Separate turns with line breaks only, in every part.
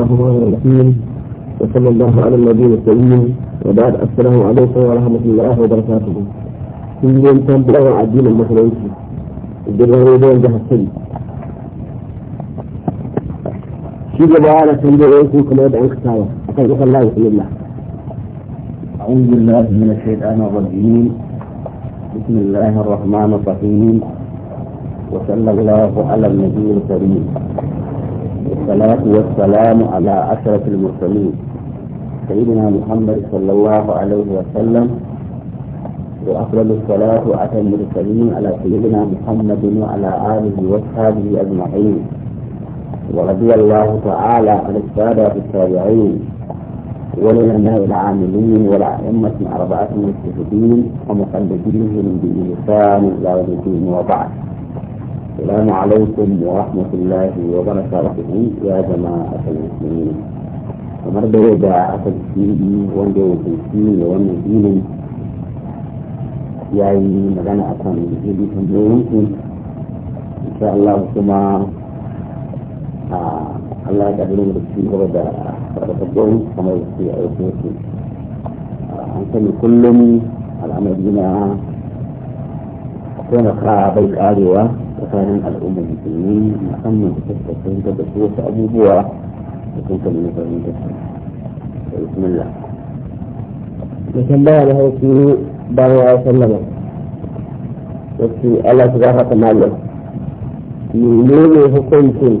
الرحمن الرحيم وصلى الله على النبي الكريم وبعد السلام عليكم ورحمة الله وبركاته كل يوم كان بلغة عدين المسلمين الدرغة يدين جهة السلي شيء لكم تنبئيكم كما يدعون كتابة أقول لك الله يحيي الله أعوذ بالله من الشيطان الرجيم بسم الله الرحمن الرحيم وصلى الله على النبي الكريم والصلاة والسلام على أشرف المرسلين سيدنا محمد صلى الله عليه وسلم وأفضل الصلاة وأتم المرسلين على سيدنا محمد وعلى آله وأصحابه أجمعين ورضي الله تعالى عن السادة التابعين وللعلماء العاملين والأئمة أربعة المجتهدين ومقلدينهم بإحسان إلى يوم الدين وبعد السلام عليكم ورحمة الله وبركاته يا جماعة المسلمين kamar da yau da aka yi wanda ya wakilci ne wannan filin ya yi magana a kan jiri tambayoyinku insha Allah kuma a Allah ya ƙarfi da ci gaba da farfadoyi kamar da su a yau su an sani kullum al'amari na taimaka bai karewa tsakanin al'ummar musulmi musamman da suka fahimtar da su wasu abubuwa da sun kalli na fahimtar su da bismillah da tambaya da hauki bayan ya sallama wasu Allah ta zafa ta malam menene hukuncin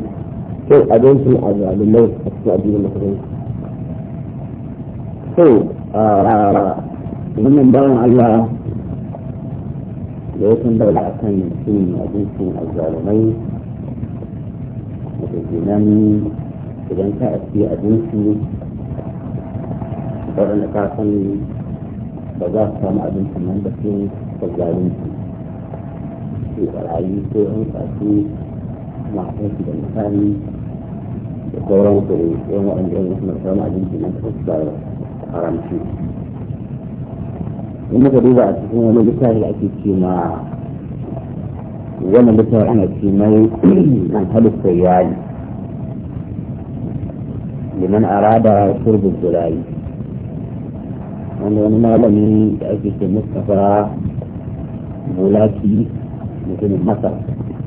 cin abincin a zalimai a cikin addinin musulunci so wannan bayan Allah da ya tambaya a kan cin abincin azzalumai da kenan idan ka aske abinci waɗanda ka san ba za su samu abincin nan da sun azzalumci ke barayi ko yan kasu masu da misali da sauran su yan waɗanda yan wasu na samu abincin nan da sun haramci in muka duba a cikin wani littafi ake ce ma wannan littafi ana ce mai alhalu sayyali liman arada shurbin zulayi wanda wani malami da ake ce mustapha bulaki mutumin masar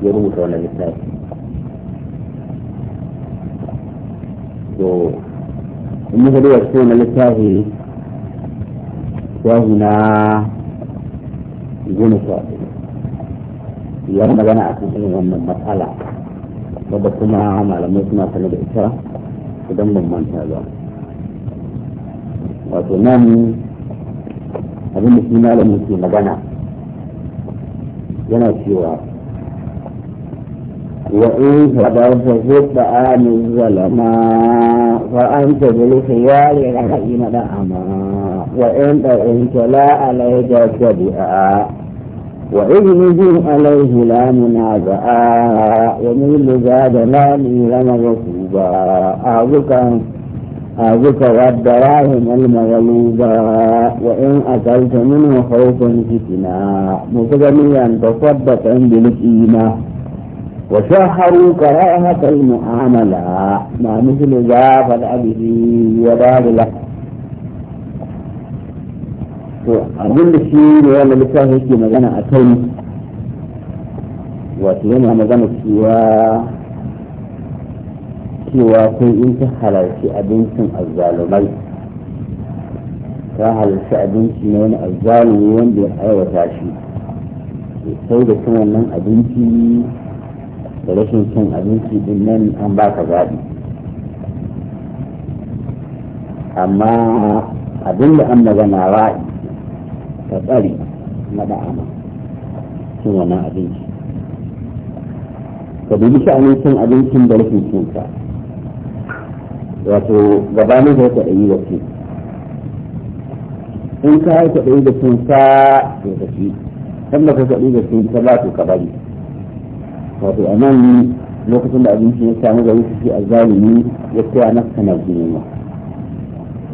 ya rubuta wannan littafi to in muka duba cikin wani littafi shahu na goma sha magana a kan irin wannan matsala wadda kuma malamai suna sanar da ita idan ban manta ba wato nan abin da shi malamin ke magana yana cewa وإن هدوه القرآن الظلماء فأنت بالخيار الحكيم دعما وإن أنت لا عليك السبئا وإذ نجم عليه لا منازعا ومن لزاد لا ميل مغصوبا أعظك أعظك والدراهم المغلوبا وإن أكلت منه خوفا فتنا متجميا تصدقا بالإيمان وشهروا كراهة المعاملة ما مثل ذاب الأبد وذاب له أقول لشيء ولا لكاه هيك مغانا أتين وأتينها مغانا سوى سوى في إنت حلال في أبنتم الظالمين كاهل في أبنتم من الظالمين بحيوة عشي سيدة كمان من أبنتي da rashin cin abinci din nan an ba ka zaɓi amma abin da an magana ra'ayi ka tsari na da'ama cin wannan abinci ka dubi sha'anin cin abincin da rashin cin sa wato gabanin da ka ɗayi da cin in ka yi ka ɗayi da cin sa to ka ci ka ɗayi da cin sa ba su ka bari wato a nan lokacin da abinci ya samu gari su a zalimi ya tsaya na kana jinewa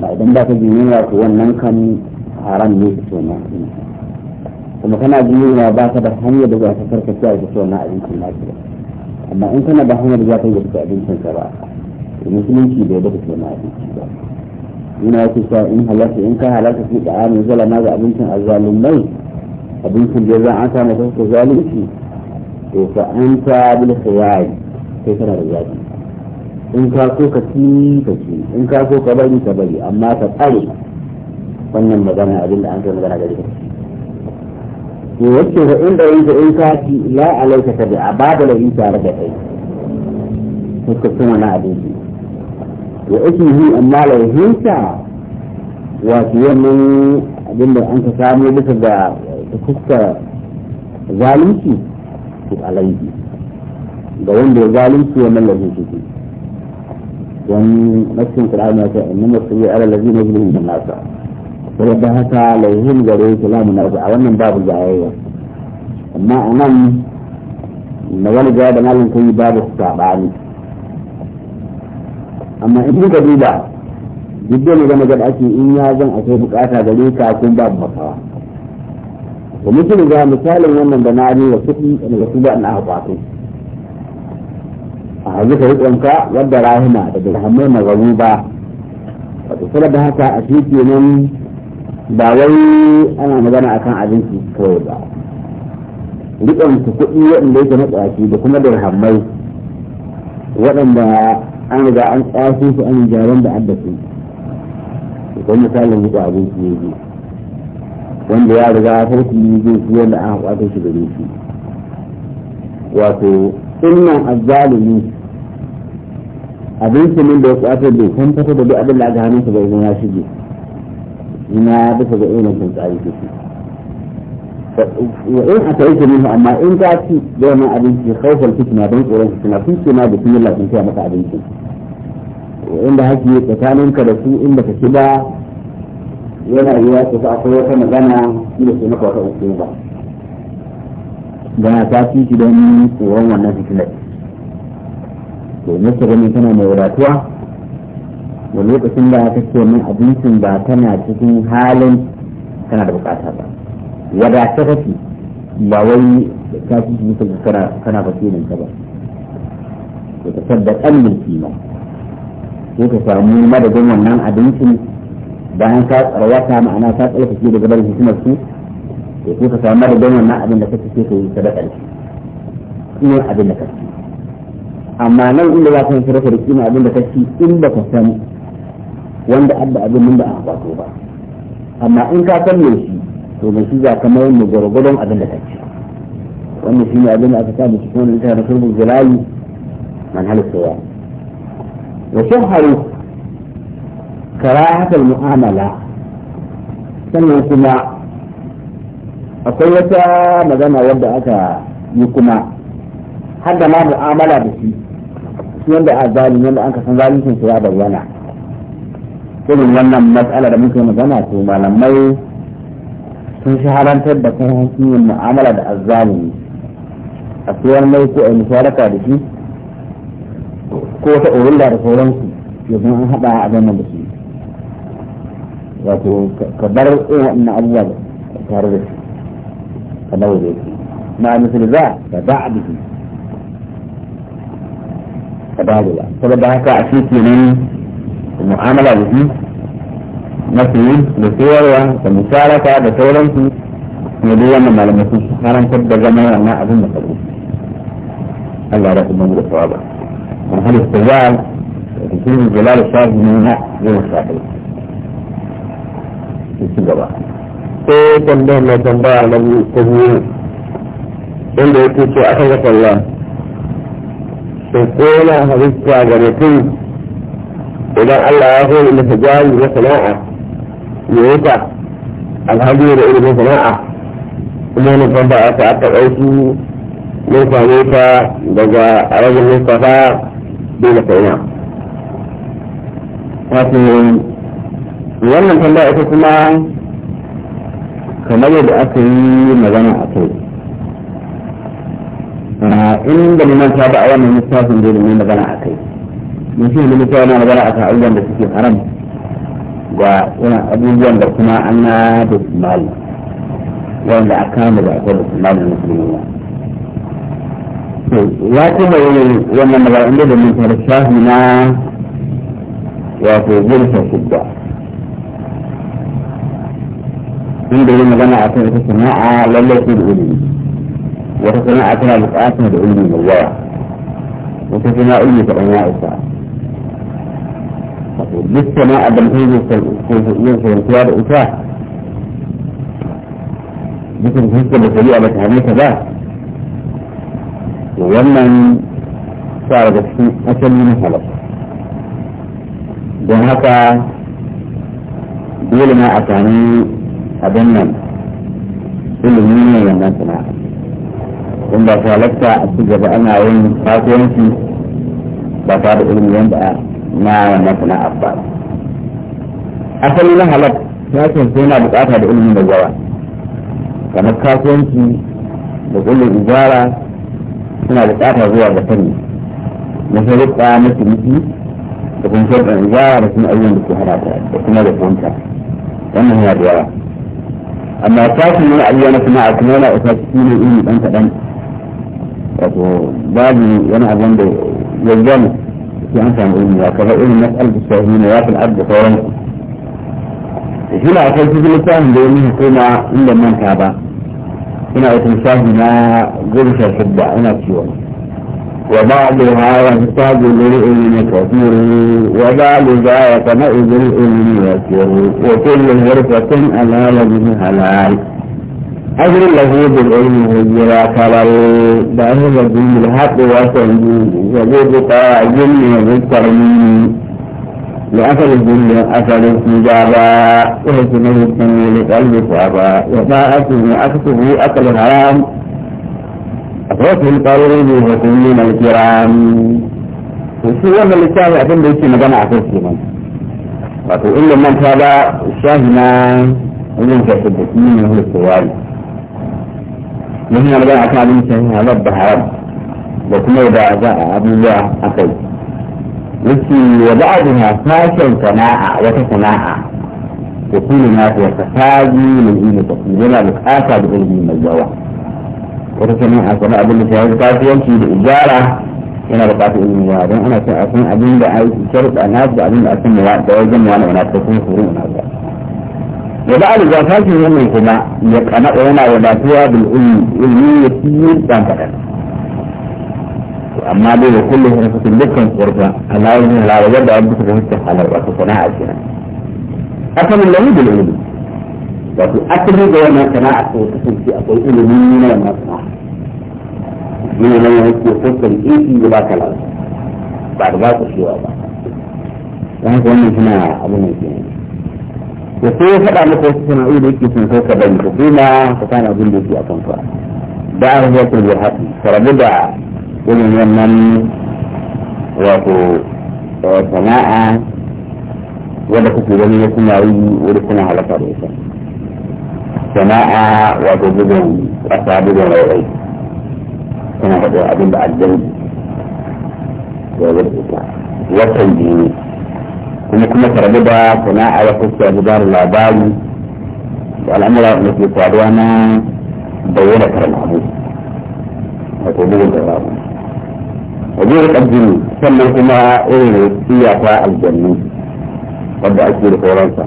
ba idan ba ka jinewa ko wannan kan haram ne ka tona kuma kana jinewa ba ka da hanyar da za ka karkace a fito na abincin lafiya amma in kana da hanyar da za ka yi da abincin ka ba to musulunci bai da fito na abinci ba ina yake cewa in halarta in ka halarta su da amin zalama ga abincin azzalumai abincin da za a samu ta zalunci to fa an ta bil khiyari kai kana da zaɓi in ka so ka ci ka ci in ka so ka bari ka bari amma ka tsare wannan magana abinda an kai magana gari ka to wacce fa inda yin ka in ka ci la alaika ta bi'a ba da lafi tare da kai hukuncin wani abinci wa ismihi amma laifinsa wato wannan abinda an ka samu bisa ga fuskar zalunci ga wanda ya zalunci wa man lafi shi don nafsin kur'an ya ce inna masuri ala lafi na jirgin da nasa sai da haka laihin gare shi lamun na a wannan babu jayayya amma a nan na wani jaya da malin kai babu su saɓani amma in ka duba duk da ne gama gada ake in ya zan akwai bukata gare ka kun babu masawa wa mutum ga misalin wannan da na ne wa suki da wasu ba na kwato a haɗu ka rikonka wadda rahima da dirhamai na ba tsara da haka a cikin nan ba wai ana magana akan abinci kawai ba rikon kuɗi waɗanda yake na tsaki da kuma dirhamai waɗanda an riga an tsaso su an gyaran da addasu ko misalin rikon abinci ne wanda ya riga ya farki zai fi wanda aka kwato shi gare shi wato sunan azzalumi abin su min da ya kwato bai san fata da duk abin da aka hannun su bai zama shige ina bisa ga irin kan tsari ke shi wa in aka yi minhu amma in ka ci da wani abinci khawfal fitna don tsoron fitna sun ce ma da sun yi lafin kai maka abinci inda haki tsakaninka da su inda ka ci ba yana yiwa su akwai wata magana da su maka wata uku ba da ta fi shi don tsoron wannan fitilai to ta gani tana mai wadatuwa da lokacin da ta ce min abincin ba tana cikin halin tana da bukata ba ta kake ba wai ta fi shi kana kana nan ta ba to ta sadda kallon kima ko ta samu madadin wannan abincin bayan ka tsarwata ma'ana ka tsarka shi daga barin hikimar su ya kuka samu da don wannan abin da kake ce ka yi sadaka da shi shine abin da kake amma nan inda za ka yi sadaka da shine abin da kake in ba ka san wanda adda abin nan da aka kwato ba amma in ka san me shi to mai shi za ka mai mu gwargwadon abin da kake wannan shine abin da aka sa cikin wannan littafin sulhul jalali man halitta wa wa shaharu karahatul mu'amala sannan kuma akwai wata magana wadda aka yi kuma har da ma mu'amala da shi shi wanda a zalimi wanda an kasan zalincin ya bayyana irin wannan matsala da muke magana to malamai sun shaharantar da kan hanyoyin mu'amala da azzalimi a tsohon mai ko a musharaka da shi ko ta urulla da sauransu yanzu an haɗa a ganin da shi wato ka bar irin wannan abubuwa tare da shi ka dawo da yake ma misali za ka ba a biki ka dawo da saboda haka a shi kenan mu'amala da shi mafi da sayarwa da musharaka da sauransu ne duk wannan malamai sun karantar da zama wannan abin da faru Allah ya kuma da sawaba an halitta ya da cikin jalal sabu ne na yau sabu ke ci gaba ko tambayar mai tambaya na ta biyu inda yake ce aka ga sallah sai ko na halitta ga mutum idan Allah ya hori masa jari na sana'a ya yi ta alhaji da ilimin sana'a kuma wani tambaya ta aka ɗauki mun same ta daga rajin mustafa dole ta ina. Wato wannan tambaya ita kuma kamar yadda aka yi magana a kai inda mu manta ba a wannan littafin da mu magana a kai mun shi ne mutuwa na magana a kan abubuwan da suke haram ga irin abubuwan da kuma an na da mali wanda a kama da akwai da mali musulmi ba ya kuma yi wannan magana inda da mun tara shafi na wato gurfa shidda إن دين لنا عشان تسمع على الله تدعوني وتسمع عشان بقاس تدعوني من الله وتسمع إلي فأنا أسعى لسه ما أدم تيجي في في في الكلاب أسعى لكن في السنة السريعة بس هميسة لا ومن صار بسي أشل من خلص ده هكا دولنا أتاني abin nan ilimi ne wannan suna in ba halatta a su gaba ana yin kasuwanci ba ta da ilimi wanda na wannan suna abba asali na halatta ce sai na bukata da ilimin da yawa kamar kasuwanci da kullum ibara suna bukata zuwa ga sani na sharuɗa na ciniki da kuma na ibara da kuma ayyukan da ke hada da kuma da fahimta wannan yana da yawa amma tashin wani abu yana sana'a kuma yana isa cikin ilimi dan kaɗan wato babu wani abin da yanzu ne sai an samu ilimi ya kafa irin mas'al da sahi ne ya fi al'ad da sauran shi na akwai cikin littafin da ya mihi kuma inda manta ba ina wata shafi na goma sha shidda ina ciwon وبعضها يحتاج للعلم كثير وبعضها ذا يقنع بالعلم يسير وكل غرفة ألال من حلال أجر له بالعلم هجرا كرر بأهل الدين الحق وسنجود وببقى جن بالترميم لأثر الدنيا أثر استجابا سنة التنوي لقلب وما وطاعته أكتب أكل الحرام وفي القول بالمسلمين الكرام وشو وانا اللي شاهي عشان بيشي مجانا عشان كمان wato inda manta ba shahi na wajen ka da shi ne wani tsawari mun yi magana akan abin shahi halal da haram da kuma da za a abubuwa a kai yake wa ba'adu na fashin sana'a wata sana'a da kuma na ta fasaji mai ilmi da kuma yana bukata da ilmi mai yawa wata sanin a sanar abin da ta yi kasuwanci da ijara yana da kafin ilimin yawa don ana son a san abin da a yi sharuɗa na da abin da a san da wajen wani wani ta kuma surun na ba da ba da zafafin wannan kuma ya kana yana wadatuwa da ilmi ya fi yi ɗan faɗa amma dai da kullum wani fitin dukkan tsorfa alawar yin lawajar da wani bisa ga hukun halar wata sana'a kenan. Akamin lamu da ilmi wato asali da wannan sana'a ko kasance akwai ilimi na wannan sana'a ne nan ya yake kokari in da ba ka lafiya ba da ba ku shewa ba dan haka wannan suna abu ne ke sai ya faɗa maka wasu sana'o'i da yake sun so ka bari ko kuma ka kana abin da yake a kan ka da an zuwa kun da haƙi karabu da wannan wato eh, sana'a wanda kuke gani ya kuma yi wani kuna halaka da ita سماع وجذب وأصابع وغيره كما هو أدلة الذنب والتنجيم ثم كنا ترددا سماع وكسى جدار الأبال والأمر مثل صادوانا بينة المعبود وتبوغ الغرام وجور الجن سمعتما إلى سياسة الجنة قد أجل فرنسا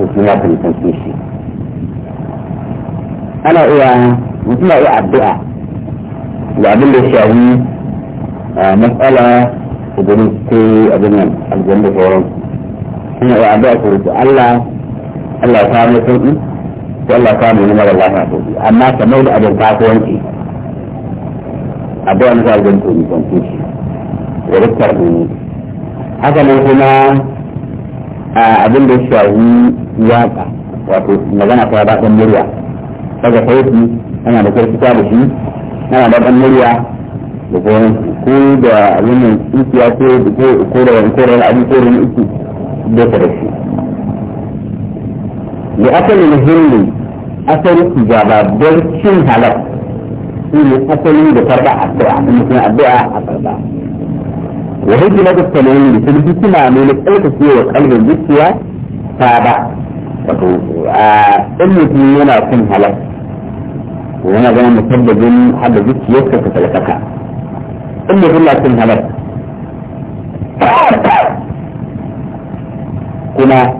وفيها في التنسيشي ana iya mutum na iya addu'a ga abin da shahi matsala idan ke abin nan aljanna sauran suna iya addu'a ko rufe Allah Allah ya kawo mai sauki ko Allah ya kawo mai Allah lafiya sauki amma kamar da abin kasuwanci addu'a na kawo gudun ko rufe shi da rufar duni haka ne kuma abin da shahi ka wato magana ta baɗin murya daga sauki ana da karfita da shi ana da ɗan murya da sauran ko da abin tsukiya ko da ko da wani ko da wani abin ko da wani uku da ka da shi da asali muhimmi asali gababar cin halar shi ne asali da karɓa addu'a in mutum addu'a a karɓa wa hikima da tsanani da sun hikima ne na tsarkake wa kalbin zuciya ta ba wato in mutum yana cin halar وانا زي مسبب محدد يسكت ثلاثتها اللي يقول لك هلك kuma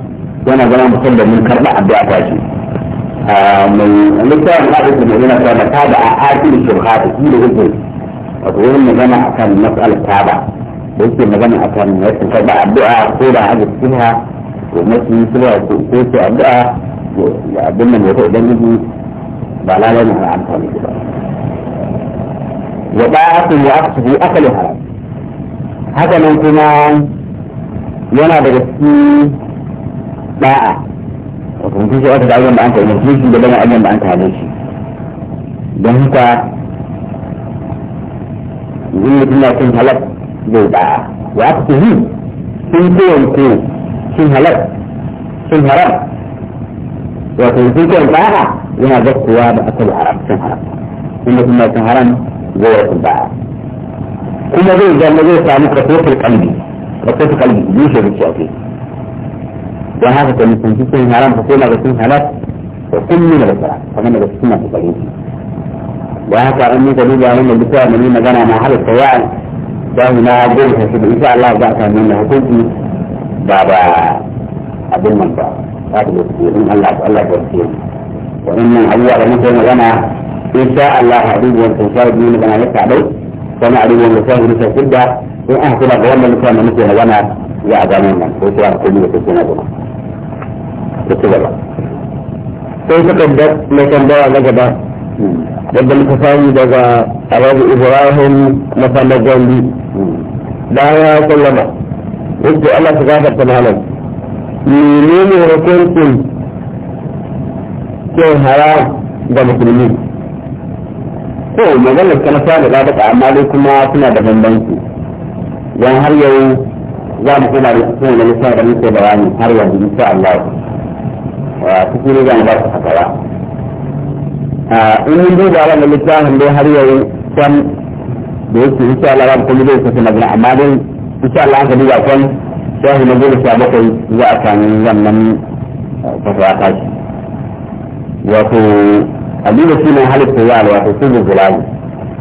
yana zama mutum da mun karɓa abu a kwashi mai littafin hadisi mai yana cewa ta da a asiri shirka da shi da hukun wato yin magana a kan matsalar taba da yake magana a kan yadda karɓa addu'a ko da hajji suna ko masu yi suna ko ko addu'a abin nan ya ko idan yi ba lalai ne haram ta wani ba wa ba'atu ya aqsu akali haram haka nan kuma yana daga cikin ba'a wato mutum wata da abin da an kai shi da bayan abin da an kai shi don haka in mutum na cin halak zai da'a wa sun kowanne cin halak cin haram sun kowanne yana zakkuwa da asalin haram cin haram inda kuma cin haram zai wasu ba'a kuma zai zama zai samu kasotar kalbi kasotar kalbi bushe zuciya ce don haka ta nisanci cin haram ka koma ga cin halal da kullum da sara kamar daga cikin masu kare shi don haka an yi gari da wannan littafi mai magana na halitta ya'a za mu na goma shi da insha Allah za a samu wannan hukunci ba ba abin nan ba za ta yi Allah Allah ya yi waɗannan abubuwa da muka yi magana insha Allah abubuwan tausayi ne magana ya kaɗau wani abubuwan da sai rusa kudda in aka kula ga wannan mutum da muke magana ya a nan ko kuwa ko ne ko kuma da ci gaba sai suka da mai tambaya na gaba yadda muka daga Arabu Ibrahim na fannin Gombe da ya sallama yadda Allah ta gafarta malam menene hukuncin cin haram ga musulmi ko maganar ta nasa da zaɓa amma dai kuma suna da bambanci don har yau za mu koma da cikin wani nisa da muke bayani har yanzu insha Allah wa cikin ne zan ba su haka ba in mun duba wannan littafin dai har yau kan da yake insha Allah mu kuma zai kasu magana amma dai insha Allah ka duba kan shahi na goma sha bakwai za a sami wannan eh, fasaha shi. wato aliyu shi ne halitta ya wato su zulzulalu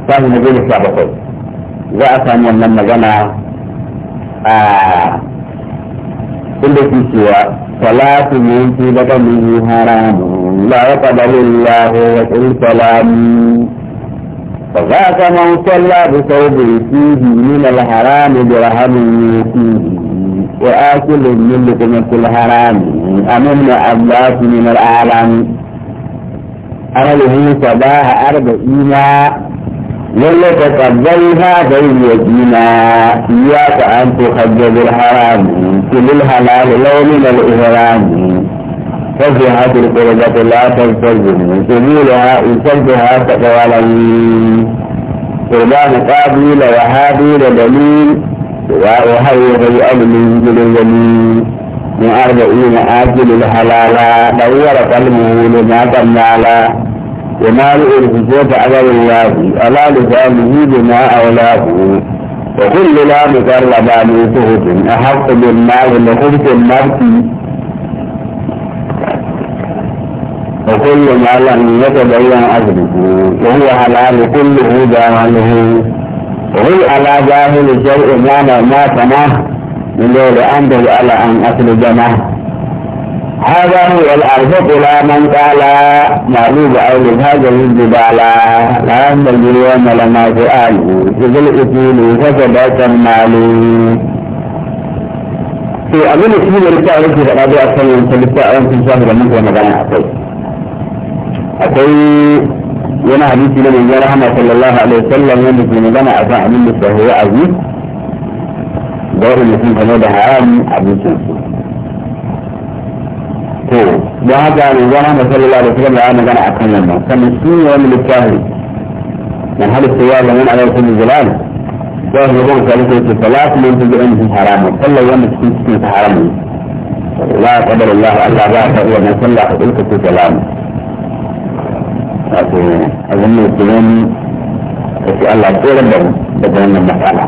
sahi na goma bakwai za a samu wannan magana a inda shi cewa salatu min fi daga min haramun la yaqbalu Allahu wa sallam فذاك من صلى بثوب فيه من الحرام wa فيه وآكل من لقمة الحرام أم na عباس من الأعلم أنا أهله صباح أربعين بين يدينا إياك أن تخجل الحرام كل الحلال لو من الإحرام فسحة القربة لا تلتزم سبيلها أسدها تقوالي قربان قابيل وهابيل دليل غير الأمن من الجميل دور قلبه لما الله بما أولاه وكل لا مقرب سهد أحق بالمال لخبث وكل ما لم يتبين أجله وهو حلال كله جاهله وهو على جاهل الشيء ما ما سماه من غير أن على أن أصل الجنة هذا هو الأرزق إلى من قال معروف او هذا الجبال لا ينبغي اليوم لما سؤاله ظل الإثيل فسد المال في أمين إثيل الرسالة في تقضي أكثر من ثلاثة أيام في شهر من هو مدان أقوي أقوي وانا حديثي لمن جاء رحمه صلى الله عليه وسلم يوم في مدان أفعل منه فهو عزيز دار mutum ka da عام عبد su to don haka ne zama صلى الله عليه وسلم ya كان akan wannan كان shi ne wani من هل السيارة من على كل الجلال جاءه يقول ثالثة الثلاث من تدعينه حراما صلى يوم تكون سنة حراما لا قدر الله ألا باعت هو من صلى قبلك في كلام أظن الكلام في الله كل بدون المسألة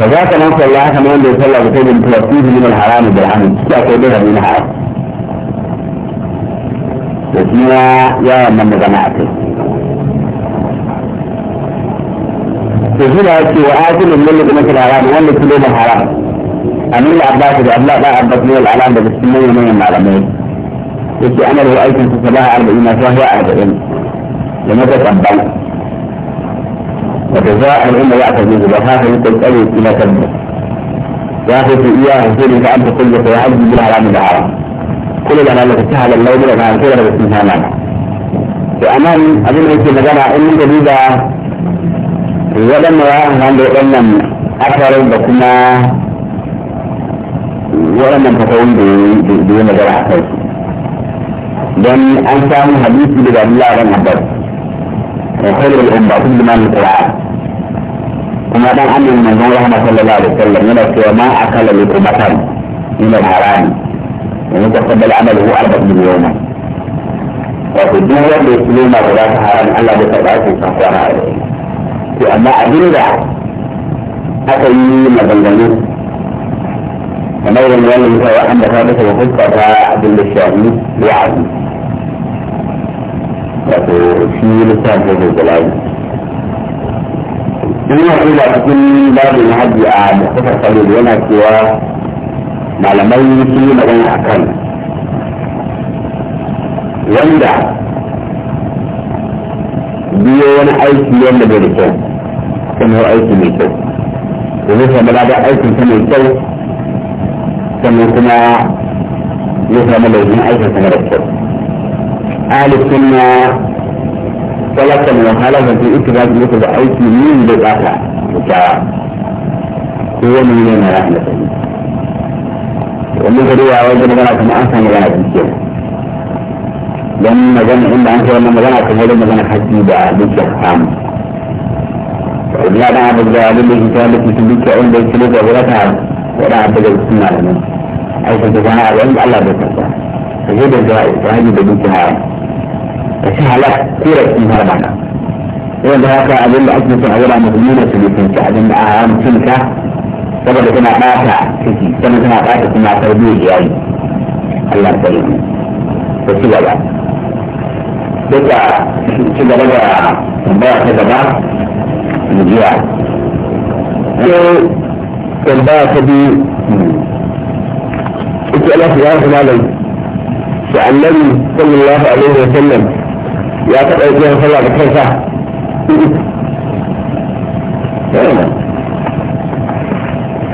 فذاك من الله كما أن يصلى بخير توفيه من الحرام بالحمد لا كبيرة من الحرام وسمع يا من جماعته تزيل هاتي وآكل من اللي مثل الحرام واللي كله الحرام أمين العباس بأبلاء لا أبلاء الحرام العلام بالسمية من المعلمين يجي أنا رأيت في صباح أربعين وهي أربعين لماذا تقبلت وجزاء إن يعتزل وهذا يقول أي إلى كذبه ياخذ إياه يقول فأنت لك يا عبد الله من العرب كل لنا التي سهل اللوم لك عن كل بس مهانا وأمام أبن أيك مجانا إن جديدة ولم يراه عنده ولم أكثر بكما ولم ينفقون بيوم مجانا لأن أنت من samu hadisi الله عن dan خير الأمة كل من القرآن وما دام أن المنزول رحمه صلى الله عليه وسلم يقول ما أكل لقمة من الحرام ومتقبل عمله أربعة يوما wato duk wanda ya kilo ma ba za ta haram Allah bai karɓa su kan kwana a yau to amma abin da aka yi maganganu kamar yadda wani mutum ya ambata masa da fuska ta abin da shafi ya abu wato shi lissafin zalzalai in wa ila cikin babin hajji a muktasar salil yana cewa malamai sun yi magana a kan wanda biyo wani aiki wanda bai da kyau kuma yau aiki mai kyau da zai samu da aikin ta mai kyau sannan kuma ya samu laifin aikin ta mara kyau ahli sunna ولكن وهلا في اتباع مثل حيث من بالاخر فتعالى هو من لنا رحمة ومن فريعة وجدنا بنا كما أنسان لنا في الجنة لما جمع عند أنسى لما جمع في هذا لما جمع حتى يبعى بجه عام فإذا أنا عبد الله لله كان لك مثل بك عند السلوك أبو رسال وإذا عبد الله بسم الله لنا أيضا تفعى عبد الله بسم الله فهذا الزائر فهذا بجه عام وسهلت كرة المرمى وإن هذا أدل أجل تعورا مضمونة لكم سعد مع عام سنكة سبب كما قاتع كتي سبب كما قاتع كما تربيه يعني الله سليم بسوى لا بسا سنة رجع تنبار كتبا مجيئا يو تنبار كبير إنت ألا سيارة مالي سألني صلى الله عليه وسلم ya taɓa yi kiran sallah da kansa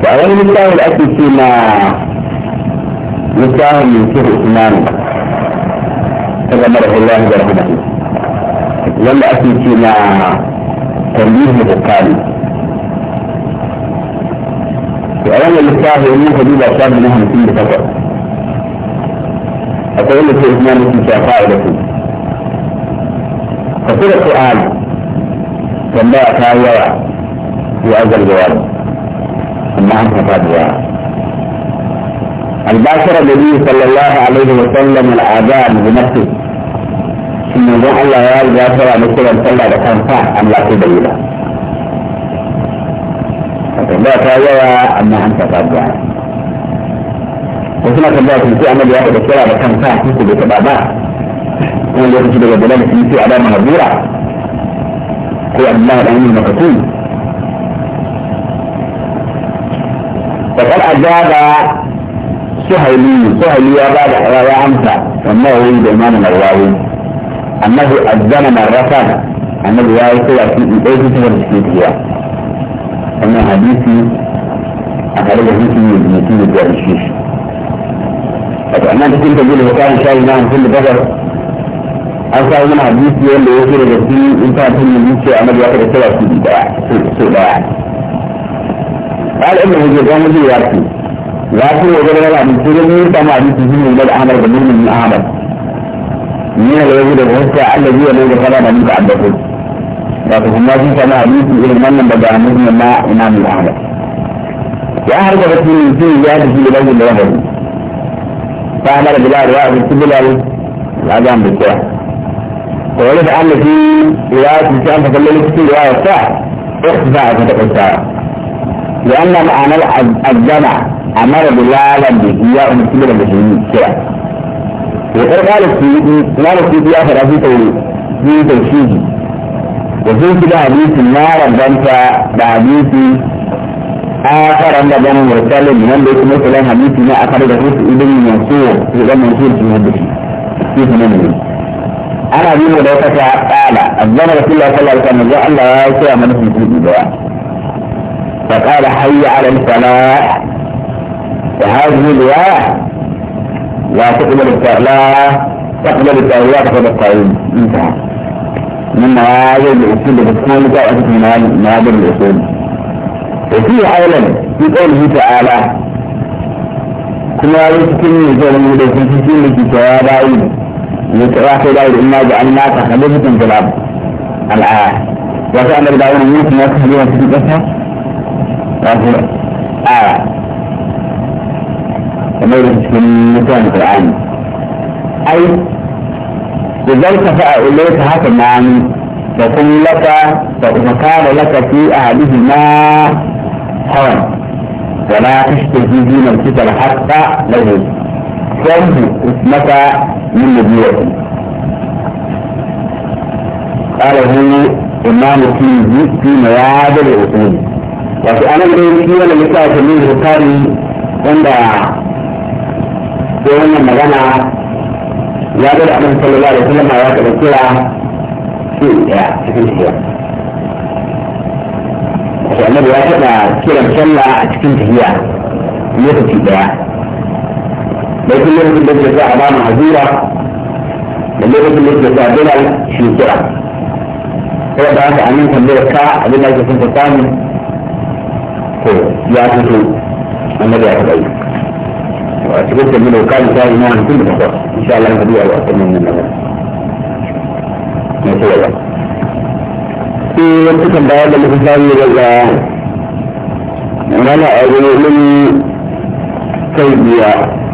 ba wani littafin da ake ce na littafin mai kiri usmanu ta zama da Allah da rahmatu wanda ake ce na tambihin bukhari to a wannan littafin ne ka duba shafin na hamsin da takwas akwai wanda ke usmanu sun shafa a da su فكل سؤال تنبأ تاوى في أجل الجواب أما أنت فاضي الباشر النبي صلى الله عليه وسلم العباء بنفسه ثم جعل يا الباشر أن يكون أن تلا بكان فاع أم لا تبين فتنبأ تاوى أما أنت فاضي وسنة تنبأ تنسي أن الواحد بكان فاع تنسي بكبابات wani lokaci daga bilal sun ce alama hazura ko abdullahi da ainihin makasun fakar ajaba suhaili suhaili ya ba da ya amsa wannan wuri da imanin arwawi annahu azzana marratan annabi ya yi kowa shi in ɗaya su da suke biya wannan hadisi a tare da hukumi da mutum da biyar shi wato annan cikin tabi da hukarin shayi na mutum da bakar an kawo mana hadisi wanda ya ce daga cikin in ta tun mun ce amma ya kada tsara su daya su daya al'amuran da ya gama ya ce ya ce wa gaba da mun ce ne ta ma hadisi shi ne da Ahmad da Muslim Ahmad ne da yaji da wata Allah ya ne da fara da muka addako da kuma shi kana hadisi irin wannan daga Muslim na Imam Ahmad ya har da cikin shi ya da shi da wannan da wannan ta amara bilal ya da bilal ya ga mu da wani da an nufi ya tuce an fasalle da ya wasa ya za a fi taɓa sa ya an na ma'anar aljama a mara da lalan da ya wani kuma da mutum kira ya karɓa da na da ya fara su tauri su da sun fi da hadisi na rabanta da hadisi a karan da gani wasu nan da ya kuma tsalan hadisi na a da su su zama mansuwa su yi hadisi su yi hadisi أنا أقول مليكة قال أذن رسول الله صلى الله عليه وسلم جعل الله يسوى من اسم الدعاء فقال حي على الفلاح وهذه الدعاء لا تقبل الصلاة تقبل التأويلات قبل التأويل انتهى من نوادر الأصول الأصول جاءت من نوادر الأصول وفي أولا في قوله تعالى كما يمكن أن يكون لكم في كل كتاب وفي داود إنا جعلناك خليفة في الأرض الآية وفعل داود ممكن يكون في القصة وفي آية ومولد في المكان القرآن أي لذلك فأوليك هكذا عن تقول لك فقال لك في أهلهما حرم ولا تشتهي دين الكتاب حتى لو فيه اسمك من نبيته قال هو إمام الترمذي في ميعاد الأصول وفي أنا الذي في ولا مثال تلميذ البخاري عند يوم المغنى يا رب الأمر صلى الله عليه وسلم على هذا الكرة في في الهيئة النبي ya faɗa kiran sallah a cikin tafiya lokaci daya لكن لغة الاستفتاء علامة هزيرة من لغة الاستفتاء بلا شيطرة هو بقى أنت عمين كان لغة قبل ما يكون في الثاني هو يعطيك النبي عليه الصلاة وأتبت من وكالة ثاني نعم كل مختص إن شاء الله نبيع وقت من النبي نسوي بقى في وقت البعض اللي في ثاني لغة أنا أقول من تربية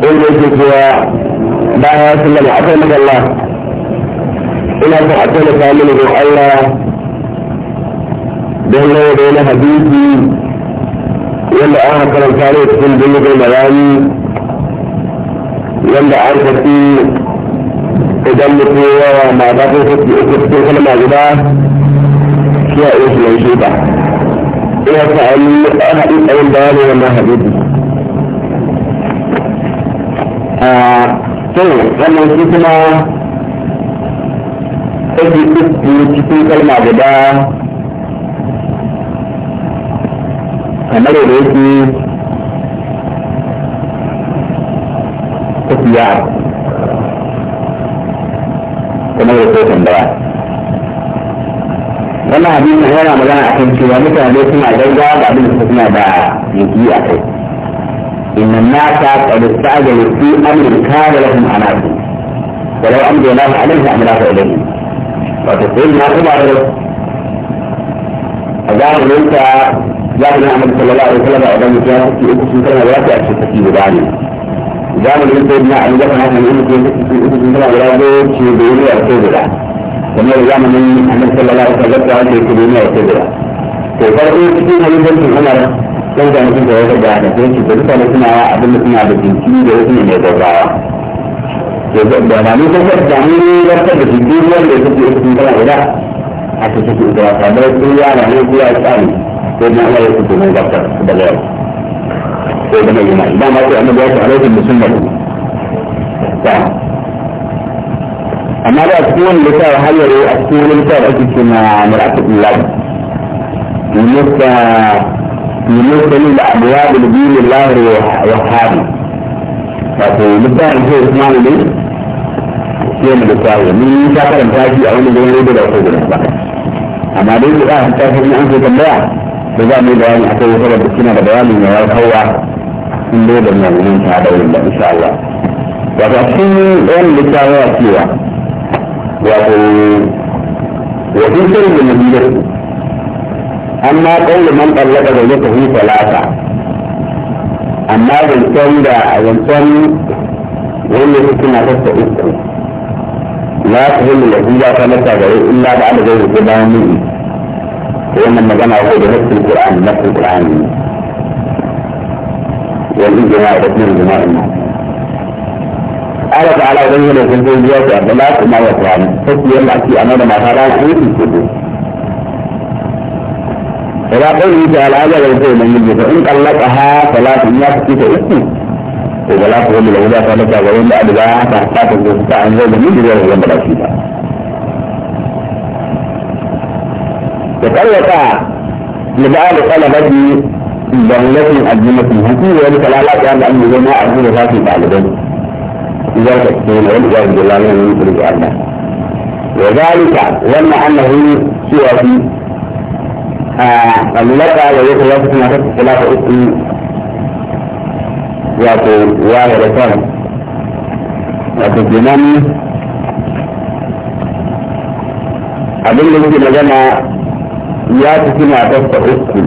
inda yake cewa bayan ya sallama akwai magana ina son a taimaka mini don Allah don nawa da wani hadisi wanda an karanta ne cikin dindindin bayani wanda an tafi idan mutum yawa ma ba ta tafi uku cikin kalma guda shi a iya shi mai shi ba ina son a yi a haɗin tsayin bayanin wannan hadisi to wannan shi kuma kashi uku cikin kalma guda kamar da yake tafiya kamar da ko tambaya wannan abin yana magana a kan cewa mutane suna gaggawa da abin da suna da yanki a kai إن الناس قد استعجلوا في أمر كان لهم عناصر ولو الله عليه لأملاه إليهم وتقول ما عمر أجاب أنت جاء ابن عمر صلى الله عليه وسلم أعلم جاء في أبو كما ولا تأتي تكتيب داني جاء من أنت ابن أن يكون هذا من أبو كما ولا تأتي بيني أرتبط كما جاء من محمد صلى الله عليه وسلم أعلم جاء في أبو كما لا تأتي بيني أرتبط فالفرق في هذه الأمر sai da mutum da ya ga da jinki da mutane suna abin da suna da jinki da wasu ne mai gaggawa to da ma ni ko da ni warkar da jinki wanda ya kuke cikin kana ida a cikin cikin da ta da su ya na ne ku ya tsani ko na Allah ya kuke mai warkar da yau ko da mai yana idan ma ko annabi ya da alaikum bisunnah ta amma da cikin wani littafi har yau a cikin wani littafi ake cewa mar'atul lahi Musa في مسلم الابواب لدين الله واصحابه wato littafin sai usman ne sai mu littafi ni ta karanta shi a wani gurin da ko gurin ba amma dai ku ta ta fi an sai tambaya da za mu yi bayani akai wata da kina da bayanin ya kawa in dai da mun ta da wurin da insha Allah wato a cikin wannan littafi ya cewa wato wa in sai da madinatu amma ƙaunar man ɓallaka da zai tafi talata amma zancen da a zancen wani suke na sassa uku a ta hin da zuwa ta mata gare illa da aka zai zuba mini wannan magana ko da nassin qur'ani nassin qur'ani wannan jama'a da kuma jama'a ne Allah ta'ala dan yana kun zuwa ta da la kuma ya qur'ani sai yalla ake amma da mata da aiki ko إلى قوله تعالى هذا قول من يجب فإن طلقها فلا تنياك في تأثم ولا قول العودة فلك وإن أدباها فأحتاك الزوجة عن زوجة من جزء وهي ملاشيها وطلق لبعض طلبتي ضرورة أجنبة هكذا ذلك لا لا كان أن ما أجمل ذاتي طالبين إذا تكتبون والإجابة بالله من يمكن وذلك لما أنه سوى allaka da yake ya suna ta kula da uku wato waya da kan wato kenan abin da muke magana ya fi suna tafi uku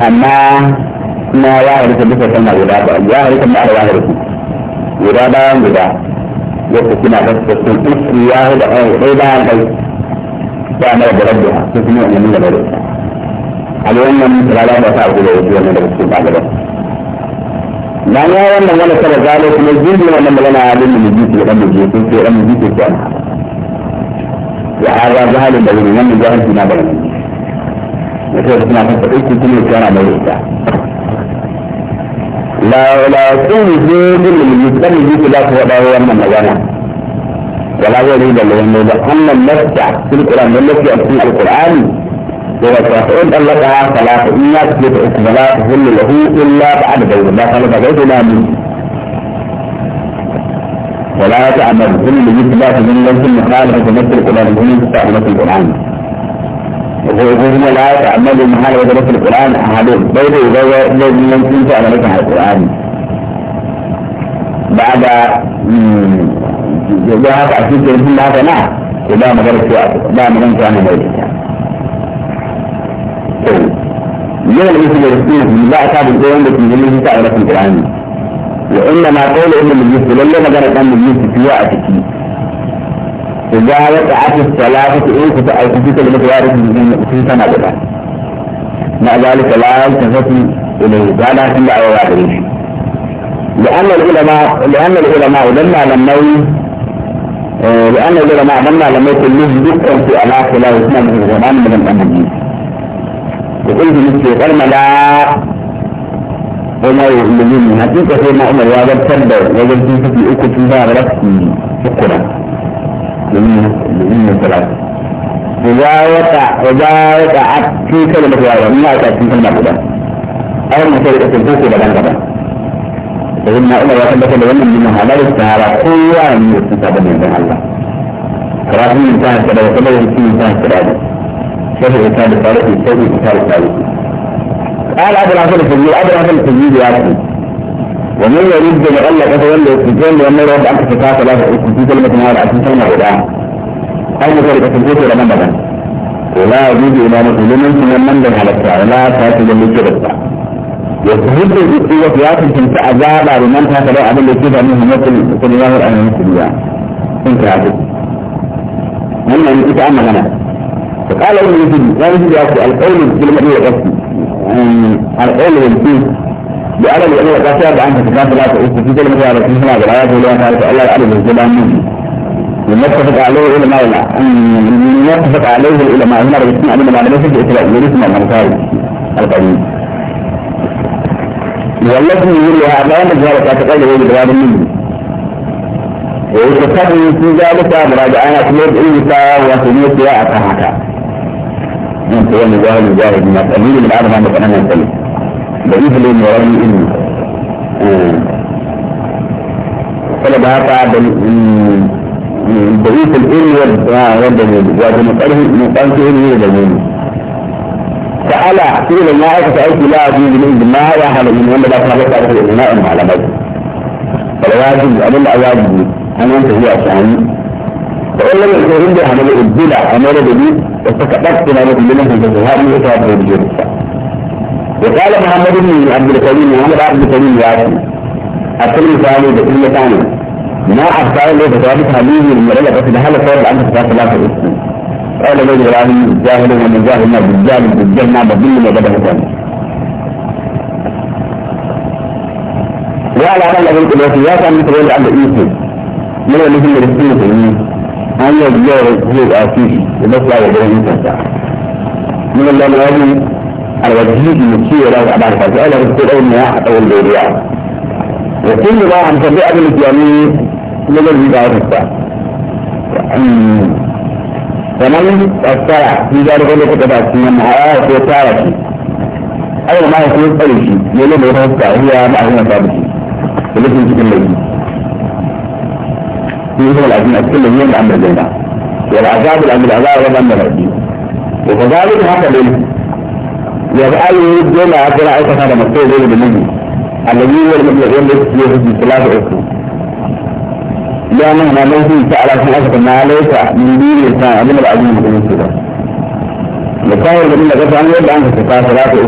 amma kuma ya harika bisa kan guda ba ya harika ma'ar ya harika guda bayan guda yadda suna ta uku ya harika ɗaya bayan ɗaya وأمر بردها تسمع من بردها اليوم من لا تعبد إلا الله من الرسول بعد ذلك bayan ya wannan wani kada zalo kuma jirgin wannan magana ya dinda mu jiki da mu jiki sai dan mu jiki ko ana ya ara zahalin da wani wannan zahalin na bari ne sai kuma ta fadi ku kuma kana mai ita la la sun zo din mu jiki dan mu jiki da ku da wannan magana ولا يريد لهم لأن المسح في القرآن والمسح في القرآن هو فإن الله تعالى صلاة إن يثبت الصلاة كل له إلا بعد بيت الله صلاة بيت نامي ولا تعمل كل يثبت من لم مخالفة نفس القرآن هم يستعمل القرآن وهم لا تعمل مخالفة نفس القرآن أحدهم بيت وغير الذي لم يستعمل القرآن بعد yanzu haka a cikin jirgin haka na ko ba magana ce a ba magana ce ana mai ita to yau da yake da rikin ba a sabon tsohon da cikin jirgin ta a rafin kirani wa inna ma kawai inda mulki lalle magana kan mulki fiye a ciki إذا وقعت الثلاثة إيه فتأتيك المتوارد في سنة بلا مع ذلك لا يلتفت إليه فلا تنبع وواحد لأن العلماء لأن العلماء لما لم لأن العلماء لما لم يكن له ذكر في أناس لا يسمى من القرآن من الأمدين الأمانيين وقلت مثل غرملا وما يؤمنون حقيقة كثير ما عمر وهذا تبدأ وجد في فتي أكل في باب رأسي في القرآن لمن ثلاثة إذا وقع إذا وقعت في كلمة واحدة ما وقعت في كلمة واحدة أول ما تلقى تنفوك الفوق إلى غرملا فإن عمر وثبت لهم من هذا السهرة قوة من الكتاب من الله karatun yin ta hankali da kuma yin yin ta hankali shafi da kan da tarihi sai da ta tarihi قال أبو الحسن التجيد أبو الحسن التجيد يا أخي ومن يريد أن يقول لك أتولى الاتجاه لأنه رب أنت في ساعة ثلاثة في كلمة نهار عشان كلمة وداع أي مثال كتبوك ولا مبدا ولا يجوز إمامة لمن تنمن على الساعة لا تأتي للجبل الساعة يستهد الإسئلة في آخر كنت أجاب لمن تأتي له أبو الاتجاه منهم مثل كل يوم الأمام السبيان انت عبد من أن يتعامل هنا فقال ابن يزيد لا يزيد يا اخي القول في بالمدينة قصدي يعني القول بالفيل بأرد أن يبقى شاب في تكاف لا تؤسس في كلمة على الإسلام بالآيات ولا تعرف ألا يعرف الزبان منه ومتفق عليه العلماء يتفق عليه العلماء هنا بسمع من المعلمة في الإسلام ولسمع من الخارج القديم والذي يقول هذا مجال تعتقد هو الجواب منه ويتفرد في ذلك مراجعة مدعية وسنية أكهاتا من سوى مجاهد المجاهد من التأمين من أربع مثلا آه. من سنة ضعيف لهم ورمي إلمي فلا بقى ضعيف الإلم والدليل ومطاله مطاله إلمي ودليل فعلى سبيل الله فسألت لا أجيب الإجماع وحل من ولا لا تعرف على العلماء المعلمات فالواجب أبو الواجب أنا أنت هي أسعاني فقال لي الكريم دي عمل الدلع أمارة دي وتكتبت أنا كلنا في الجزهار من إطلاع الجنة وقال محمد بن عبد الكريم محمد عبد الكريم ياسم أكلم ثاني بكلمة ثانية ما أفعل له بتوابط هذه المرأة بس ده هلا صار عندك ثلاث آلاف اسم قال لي العالم جاهل ومن جاهل ما بالجاهل بالجاهل ما بظلم ما بدأ ثاني وعلى أن الأبن الوفيات أن تقول عن الإيمان lọ́wọ́ ló fi lè fún ìpè ní ayé ẹgbẹ́ rẹ̀ àti ìlọ́pọ̀ àwọ̀dẹ́ ní kàtà. من الأموال الوجهية المكية له أبعد فاسئة له السؤال المياه أو البيرياء وكل ما عن طبيعة الإسلامية من البداية الساعة فمن الساعة في ذلك لك تباسي مع آيات وتعالى أول ما يكون أي شيء يلم يتوسع هي معلومة ثابتة ولكن تكون لديه فيه هو العزيمة كل يوم الأمر لنا والعذاب الأمر الأعلى رب أمر الدين وكذلك هكذا يفعله دون أكل عيسى هذا مكتوب غير بالنبي الذي هو المبلغ الذي يهدي ثلاثة أسر لأنه ما موجود تعالى في الأسر ما ليس من دين الإنسان أمر العزيمة كل كذا وقال الذين كفروا يبقى أنت ثلاثة أخرى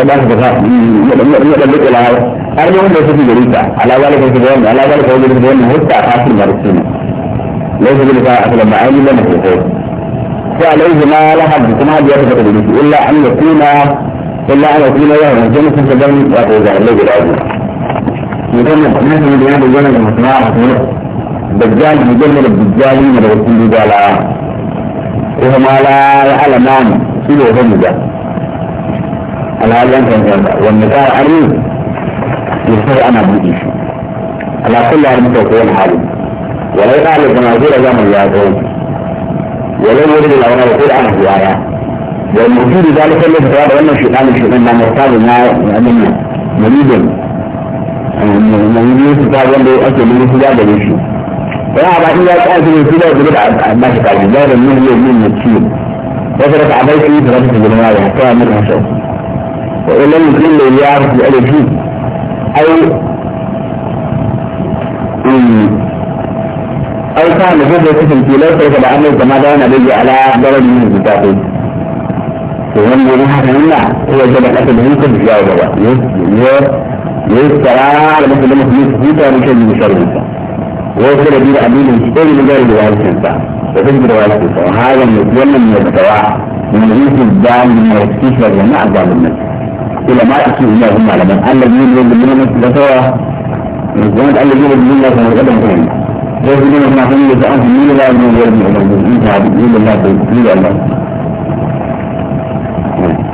يبقى أنك أنت ثلاثة يبقى أنك أنت ثلاثة har ne wanda suke gari ta ala zalika su wannan ala zalika su gari wannan hutta ta su marci ne laifin gari ta asalin ba ainihin lana ke kai sai alaihi ma lahab kuma biyar ta gari illa an ya kuna illa an ya kuna yawan mutum sun ta gani wato zalilai guda biyu mutum na kuma sun da yana da yana da mutum a mutum dajjal mujallal dajjali ne da wasu dajjala ko ma la ya'lamu shi ne wannan da alhalin kan wanda ta arin يصير انا بوديش على كل المتوفين حالي ولو قال الزنازير جام الياغون ولو يريد الاغنى يقول انا هوايا والمفيد ذلك اللي بتواب انه الشيطان الشيطان ما مرتاب ما يعلمنا مريدا مريدا يتواب انه اكل من الهجاب الاشي فلا عبا ان يجب ان يكون في ذلك بدعا باشي قال جدار المهي يجب ان يكون وفرت عبايك ايه ترافق الجنوالي حتى امرها شوف وقال لن يكون لي اللي يعرف بقال أو أو كان هذا كفن في لو كيف بعمل الزمان بيجي على درجة من الزكاة ومن يريها هنا هو جبل كل يمكن يجاوبه يسرى على مثل المخلوق فيك ومن شيء من شر ويصير دين أمين يشتري من غير رواية الإنسان وتجد رواية الإنسان وهذا يتولى من الدواء من ريح الدم من الكيس والجماعة الدم النفس علماء اسمهم هم علماء الذين يؤمنون بسوى الزمن الذين يؤمنون بهم القدم فيهم يؤمنون ما هم يزعمهم من لا يؤمنون بهم القدم انت عبد الله بإذن الله